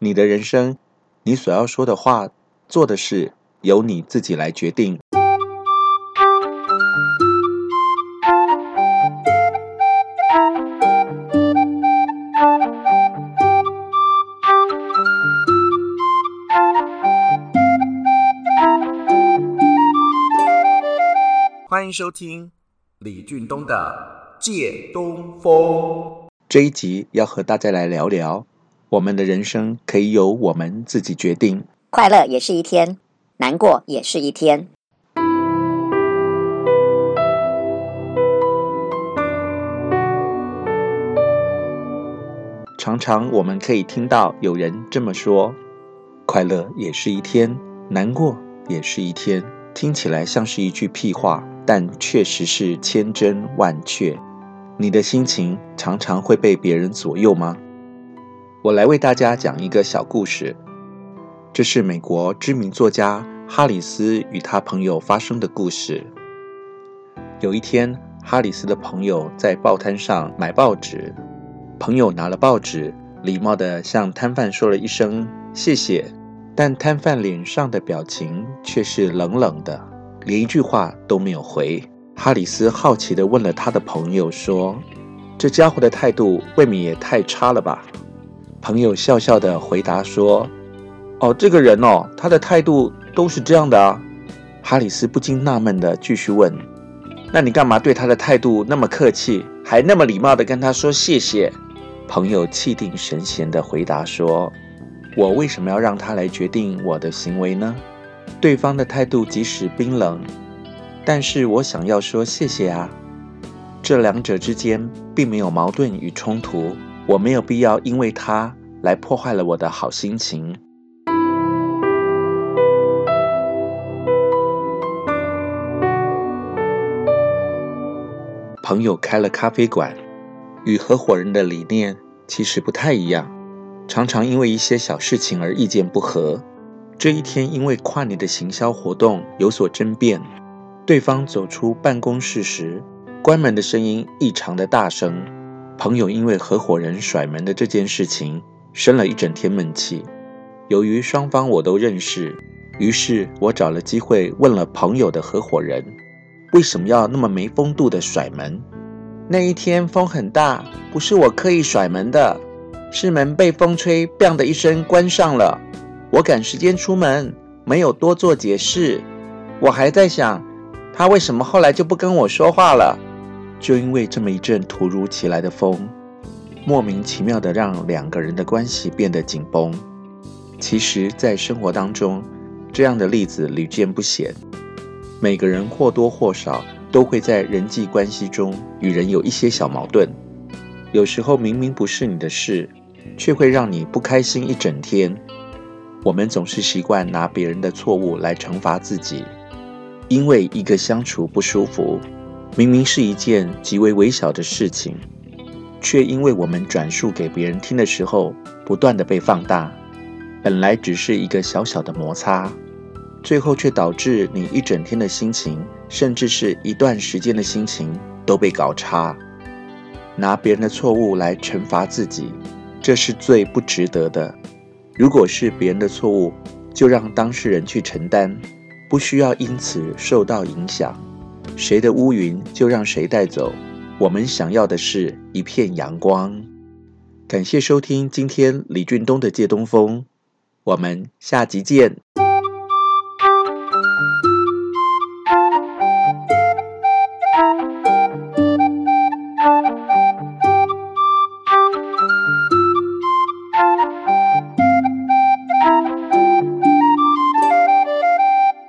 你的人生，你所要說的話、做的事，由你自己來決定。歡迎收聽李俊東的《借東風》，這一集要和大家來聊聊。我們的人生可以由我們自己決定。快樂也是一天，難過也是一天。常常我們可以聽到有人這麼說：“快樂也是一天，難過也是一天。”聽起來像是一句屁話，但確實是千真萬確。你的心情常常會被別人左右嗎？我來為大家講一個小故事。這是美國知名作家哈里斯與他朋友發生的故事。有一天，哈里斯的朋友在報攤上買報紙，朋友拿了報紙，禮貌地向攤販說了一聲“謝謝”，但攤販臉上的表情卻是冷冷的，連一句話都沒有回。哈里斯好奇地問了他的朋友說：“這家伙的態度未免也太差了吧？”朋友笑笑地回答說：“哦，這個人哦，他的態度都是這樣的啊。”哈里斯不禁納悶地繼續問：“那你幹嘛對他的態度那麼客氣，還那麼禮貌地跟他說謝謝？”朋友氣定神閒地回答說：“我為什麼要讓他來決定我的行為呢？對方的態度即使冰冷，但是我想要說謝謝啊。這兩者之間並沒有矛盾與衝突。”我沒有必要因為他來破壞了我的好心情。朋友開了咖啡館，與合夥人的理念其實不太一樣，常常因為一些小事情而意見不合。這一天因為跨年的行銷活動有所爭辯，對方走出辦公室時，關門的聲音異常的大聲。朋友因為合夥人甩門的這件事情生了一整天悶氣。由於雙方我都認識，於是我找了機會問了朋友的合夥人，為什麼要那麼沒風度的甩門？那一天風很大，不是我刻意甩門的，是門被風吹 “bang” 的一聲關上了。我趕時間出門，沒有多做解釋。我還在想，他為什麼後來就不跟我說話了？就因為這麼一陣突如其來的風，莫名其妙的讓兩個人的關係變得緊繃。其實，在生活當中，這樣的例子屢見不鮮。每個人或多或少都會在人際關係中與人有一些小矛盾，有時候明明不是你的事，却會讓你不開心一整天。我們總是習慣拿別人的錯誤來懲罰自己，因為一個相處不舒服。明明是一件極為微小的事情，卻因為我們轉述給別人聽的時候，不斷地被放大。本來只是一個小小的摩擦，最後卻導致你一整天的心情，甚至是一段時間的心情都被搞砸。拿別人的錯誤來懲罰自己，這是最不值得的。如果是別人的錯誤，就讓當事人去承擔，不需要因此受到影響。誰的烏雲就讓誰帶走，我們想要的是一片陽光。感謝收聽今天李俊東的借東風，我們下集見。